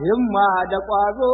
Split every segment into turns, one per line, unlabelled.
himma da ƙwazo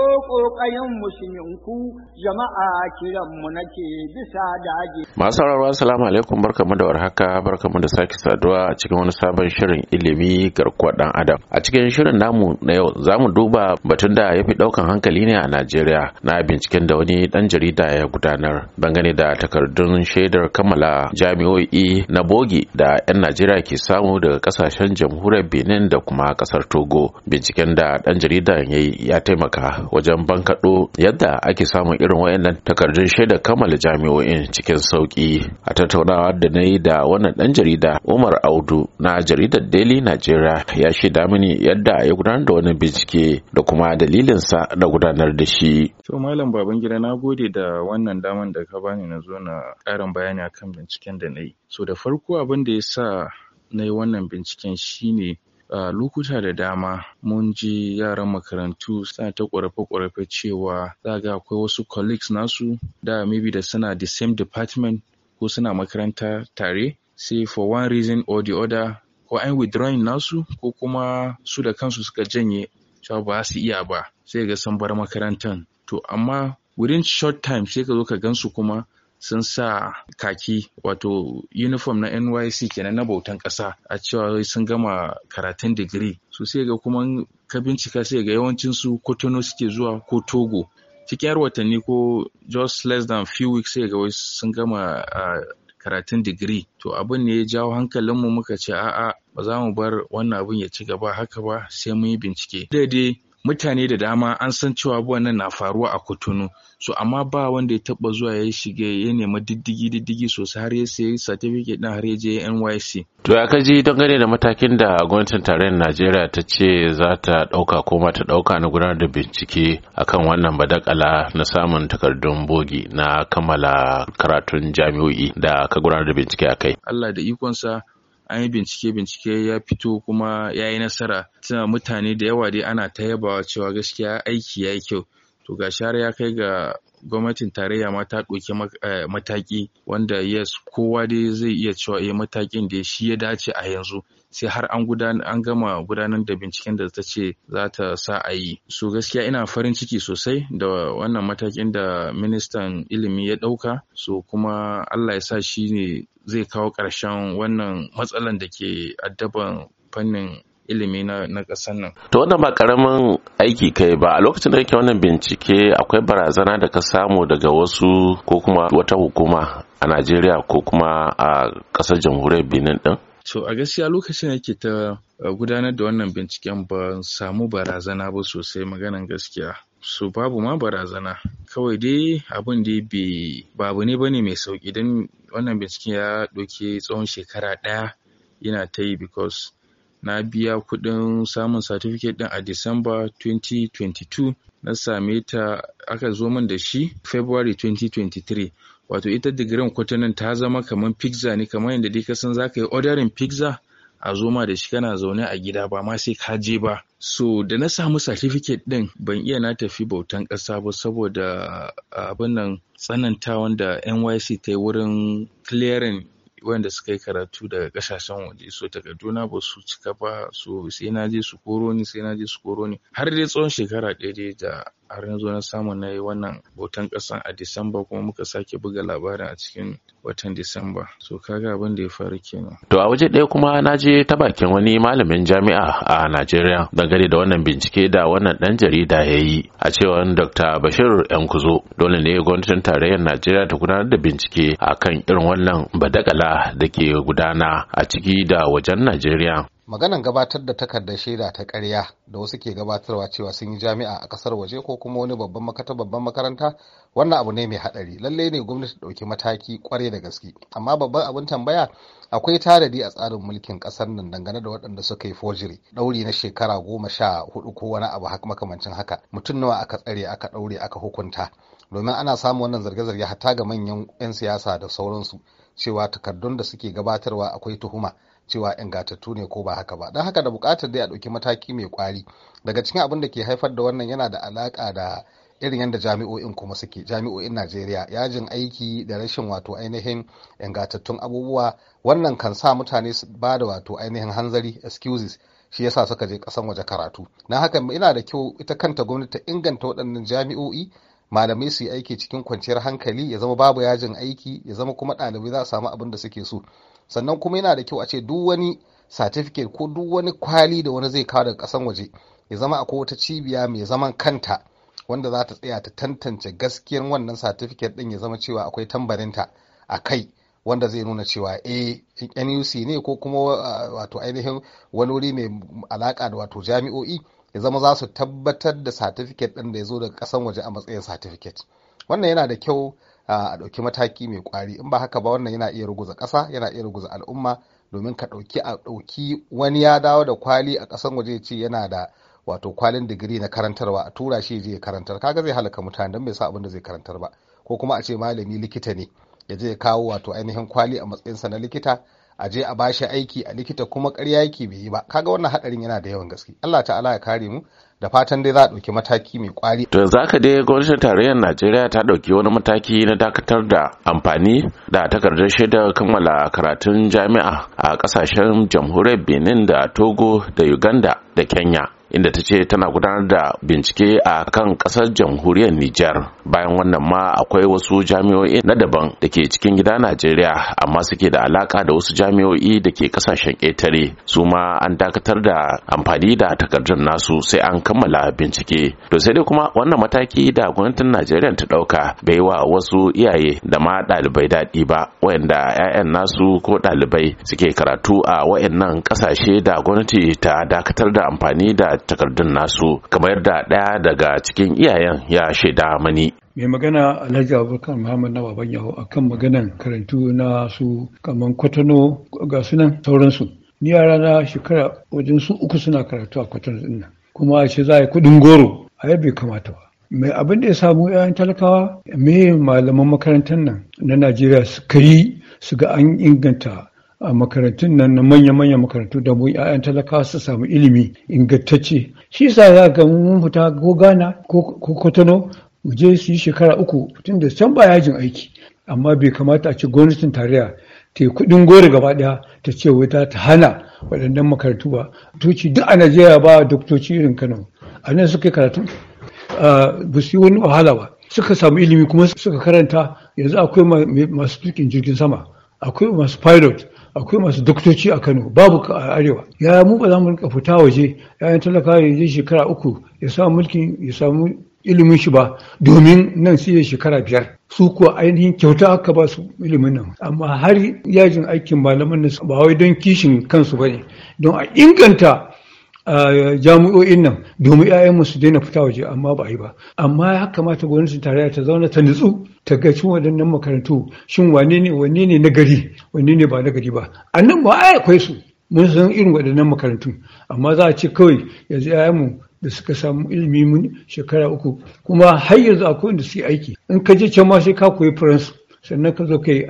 ƙayan musulminku jama'a kiranmu nake bisa
ake Masu sauraro salamu alaikum barkamu da warhaka barkamu da sake saduwa a cikin wani sabon shirin ilimi garkuwar ɗan adam. A cikin shirin namu na yau za mu duba batun da ya fi ɗaukan hankali ne a Najeriya na binciken da wani ɗan jarida ya gudanar dangane da takardun shaidar kammala jami'o'i na bogi da 'yan Najeriya ke samu daga kasashen jamhuriyar Benin da kuma ƙasar Togo. Binciken da ɗan jarida ministan ya yi ya taimaka wajen bankaɗo yadda ake samun irin wayannan takardun shaidar kammala jami'o'in cikin sauƙi a tattaunawa da na yi da wannan ɗan jarida umar audu na jaridar daily nigeria ya shaida mini yadda ya gudanar da wani bincike da kuma dalilinsa na gudanar da shi.
to malam babangida na gode da wannan daman da ka bani na zo na ƙarin bayani akan binciken da na yi so da farko abin da ya sa na yi wannan binciken shine a lokuta da dama mun ji yaran makarantu suna ta ƙorafe-ƙorafe cewa za ga akwai wasu colleagues nasu da maybe da suna the same department ko suna makaranta tare sai for one reason or the other ko an withdrawing nasu ko kuma su da kansu suka janye cewa ba su iya ba sai ga sun bar makarantan to amma wurin short time sai ka zo ka gansu kuma sun sa kaki wato uniform na nyc kenan na bautan ƙasa a cewa sun gama karatun digiri su sai ga kuma ka bincika sai ga yawancinsu kotono suke zuwa ko togo cikin yar watanni ko just less than few weeks sai ga sun gama karatun digiri to abin ne ya jawo hankalinmu muka ce a'a ba za mu bar wannan abin ya ci gaba haka ba sai mun yi bincike dai. mutane da dama an san cewa abubuwan nan na faruwa a kotunu so amma ba wanda ya taba zuwa ya shige ya nema diddigi diddigi sosai har ya sayi certificate din har ya je NYC
to ya kaji dangane da matakin da gwamnatin tarayyar Najeriya ta ce za ta dauka ko ma ta dauka na gudanar da bincike akan wannan badakala na samun takardun bogi na kammala karatun jami'o'i da ka gudanar da bincike akai
Allah da ikonsa an yi bincike bincike ya fito kuma ya yi nasara tana mutane da yawa dai ana ta yabawa cewa gaskiya aiki ya yi kyau to ga shara ya kai ga gwamnatin tarayya ma ta ɗauki eh, mataki wanda yes kowa dai zai iya cewa ya eh, matakin da shi ya dace a yanzu sai har an an gama gudanar da binciken da ta ce za ta sa a yi so gaskiya ina farin ciki sosai da wannan matakin da ministan ilimi ya ɗauka so kuma Allah ya sa shi ne zai kawo ƙarshen wannan matsalan da ke addaban fannin ilimi na ƙasar nan.
To wannan ba ƙaramin aiki kai ba a lokacin da kake wannan bincike akwai barazana da ka samu daga wasu ko kuma wata hukuma a Najeriya ko kuma a ƙasar jamhuriyar Benin ɗin?
So a gaskiya lokacin da ke ta uh, gudanar da wannan binciken ba samu barazana ba sosai maganan gaskiya. Su babu ma barazana kawai dai abin da ba babu ne bane mai sauki don wannan binciken ya ɗauki tsawon shekara ɗaya yana ta yi because na biya kuɗin samun satifiket ɗin a Disamba 2022 na same ta aka zo min da shi February 2023 wato ita digirin kwatanin ta zama kamar pizza ne kamar yadda dai kasan san za ka yi odarin pizza a zo ma da shi kana zaune a gida ba ma sai ka je ba so da na samu certificate din ban iya na tafi bautan ƙasa ba saboda abin nan tsanantawan da nyc ta yi wurin clearing wanda suka yi karatu daga kasashen waje so ta Kaduna ba su cika ba so sai na je su koro ni sai na je su koro ni har dai tsawon shekara ɗaya da har na zo na samu na yi wannan hoton ƙasa a disamba kuma muka sake buga labarin a cikin watan disamba so kaga abin da ya faru kenan
to a waje ɗaya kuma na je ta bakin wani malamin jami'a a najeriya dangane da wannan bincike da wannan ɗan jarida ya yi a cewar dr bashir kuzo dole ne gwamnatin tarayyar najeriya ta gudanar da bincike a kan irin wannan badakala da ke gudana a ciki da wajen najeriya
maganan gabatar da takardar shaida ta karya da wasu ke gabatarwa cewa sun yi jami'a a ƙasar waje ko kuma wani babban makata babban makaranta wannan abu ne mai haɗari lalle ne gwamnati ɗauki mataki ƙwarai da gaske amma babban abin tambaya akwai tarihi a tsarin mulkin ƙasar nan dangane da waɗanda suka yi forgery ɗauri na shekara goma sha hudu ko wani abu makamancin haka mutum nawa aka tsare aka ɗaure aka hukunta domin ana samun wannan zarge-zarge hatta ga manyan 'yan siyasa da sauransu cewa takardun da suke gabatarwa akwai tuhuma cewa ingantattu ne ko ba haka ba don haka da bukatar dai a ɗauki mataki mai kwari daga cikin abin da ke haifar da wannan yana da alaka da irin yadda jami'o'in kuma suke jami'o'in najeriya yajin aiki da rashin wato ainihin ingantattun abubuwa wannan kan sa mutane su ba da wato ainihin hanzari excuses shi yasa suka je kasan waje karatu na haka ina da kyau ita kanta gwamnati ta inganta waɗannan jami'o'i malamai su yi aiki cikin kwanciyar hankali ya zama babu yajin aiki ya zama kuma ɗalibai za su samu abin da suke so sannan kuma yana da kyau a ce duk wani certificate ko duk wani kwali da wani zai kawo daga kasan waje ya zama akwai wata cibiya mai zaman kanta wanda za ta tsaya ta tantance gaskiyar wannan certificate din ya zama cewa akwai ta a kai wanda zai nuna cewa a eh, nuc ne ko kuma ah, wato ainihin wani wuri mai alaka da wato jami'o'i ya zama za su tabbatar da certificate din da ya zo daga kasan waje a matsayin certificate wannan yana da kyau a ɗauki mataki mai kwari in ba haka ba wannan yana iya ruguza ƙasa yana iya ruguza al'umma domin ka ɗauki a ɗauki wani ya dawo da kwali a ƙasan waje ce yana da wato kwalin digiri na karantarwa a tura shi je karantar kaga zai halaka mutane don bai sa abin da zai karantar ba ko kuma a ce malami likita ne ya je kawo wato ainihin kwali a matsayinsa na likita a je a ba shi aiki a likita kuma ƙarya yake bai yi ba kaga wannan hadarin yana da yawan gaske Allah ta'ala ya kare mu da fatan dai za a ɗauki mataki mai kwari.
To yanzu haka dai gwamnatin tarayyar Najeriya ta ɗauki wani mataki na dakatar da amfani da takardar shaidar kammala karatun jami'a a ƙasashen jamhuriyar Benin da Togo da Uganda da Kenya. inda ta ce tana gudanar da bincike a kan kasar jamhuriyar Nijar. Bayan wannan ma akwai wasu jami'o'i na daban da ke cikin gida Najeriya amma suke da alaka da wasu jami'o'i da ke kasashen ƙetare su ma an dakatar da amfani da takardun nasu sai an kammala bincike. To sai dai kuma wannan mataki da gwamnatin Najeriya ta ɗauka bai wa wasu iyaye da ma ɗalibai daɗi ba wayanda 'ya'yan nasu ko ɗalibai suke karatu a wayannan ƙasashe da gwamnati ta dakatar da amfani da takardun nasu kamar yadda ɗaya daga cikin iyayen ya shaida mani
mai magana alhaji abubakar muhammad na baban yaho akan maganan karantu na su kamar kwatano ga sunan sauransu ni yara na shekara wajen su uku suna karatu a kwatano din kuma a ce za a yi kuɗin goro a bai kamata ba mai abin da ya samu 'ya'yan talakawa me malaman makarantar nan na najeriya suka yi su ga an inganta a makarantun nan na manya-manya makarantu da mu 'ya'yan talakawa su samu ilimi ingantacce shi sa za ga mun fita ko ghana ko kotono mu je su yi shekara uku tun da can ba yajin aiki amma bai kamata a ci gwamnatin tarayya ta yi kuɗin gori gaba ɗaya ta ce wata ta hana waɗannan makarantu ba tuci duk a najeriya ba doktoci irin kano a nan suka yi karatu ba su yi wani wahala ba suka samu ilimi kuma suka karanta yanzu akwai masu tukin jirgin sama akwai masu pilot akwai masu doktoci a Kano babu a arewa ya mu ba za mu rika fita waje yayin talaka ya je shekara uku ya samu mulkin ya samu ilimin shi ba domin nan sai shekara biyar su kuwa ainihin kyauta aka ba su ilimin nan amma har yajin aikin malaman nan ba wai don kishin kansu ba ne, don a inganta A jami'o'in nan domin 'ya'yanmu su daina fita waje amma ba yi ba amma ya kamata gwamnatin tarayya ta zauna ta nutsu ta ga cin waɗannan makarantu shin wane ne wane ne na gari wane ne ba na gari ba a nan ba ai akwai su mun san irin waɗannan makarantu amma za a ce kawai yanzu 'ya'yanmu da suka samu ilimi mun shekara uku kuma har yanzu akwai wanda suke aiki in ka je can ma sai ka koyi faransu sannan ka zo kai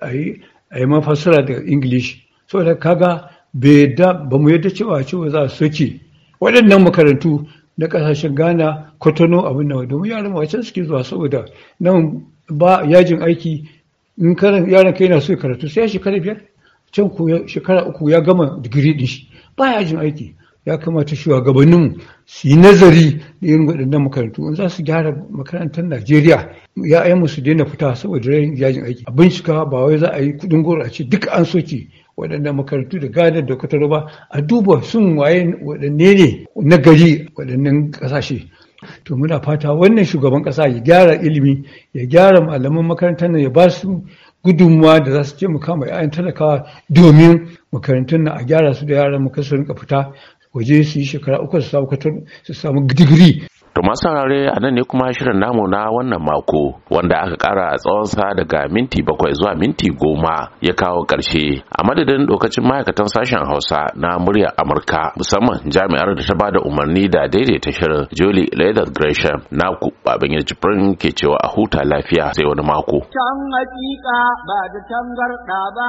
a yi mafasara da ingilishi saboda kaga ba mu yadda cewa cewa za su soke waɗannan makarantu na ƙasashen ghana kwatano abin nawa, domin yaran wacan suke zuwa saboda nan ba yajin aiki in yaran kai na so karatu sai shekara biyar can shekara uku ya gama digiri din shi ba yajin aiki ya kamata shugabanninmu su yi nazari da irin waɗannan makarantu in za su gyara makarantar najeriya ya ya'yanmu su daina fita saboda rayin yajin aiki a bincika ba wai za a yi kuɗin goro a ce duka an soke waɗannan makarantu da gadar da kwatar ba a duba sun waye waɗanne ne na gari waɗannan ƙasashe to muna fata wannan shugaban ƙasa ya gyara ilimi ya gyara malaman makarantar nan ya ba su gudunmuwa da za su mu kama 'ya'yan talakawa domin makarantun na a gyara su da yaran mu ka fita waje su yi shekara uku su samu su samu digiri
To masu saurare a nan ne kuma shirin namu na wannan mako wanda aka kara tsawonsa daga minti bakwai zuwa minti goma ya kawo ƙarshe a madadin dokacin ma'aikatan sashen Hausa na muryar Amurka musamman jami'ar da ta bada umarni da daidaita shirin Jolly, Leather Gresham na ku babin jibrin ke cewa a huta lafiya sai wani mako.
Can hakika ba da tangarɗa ba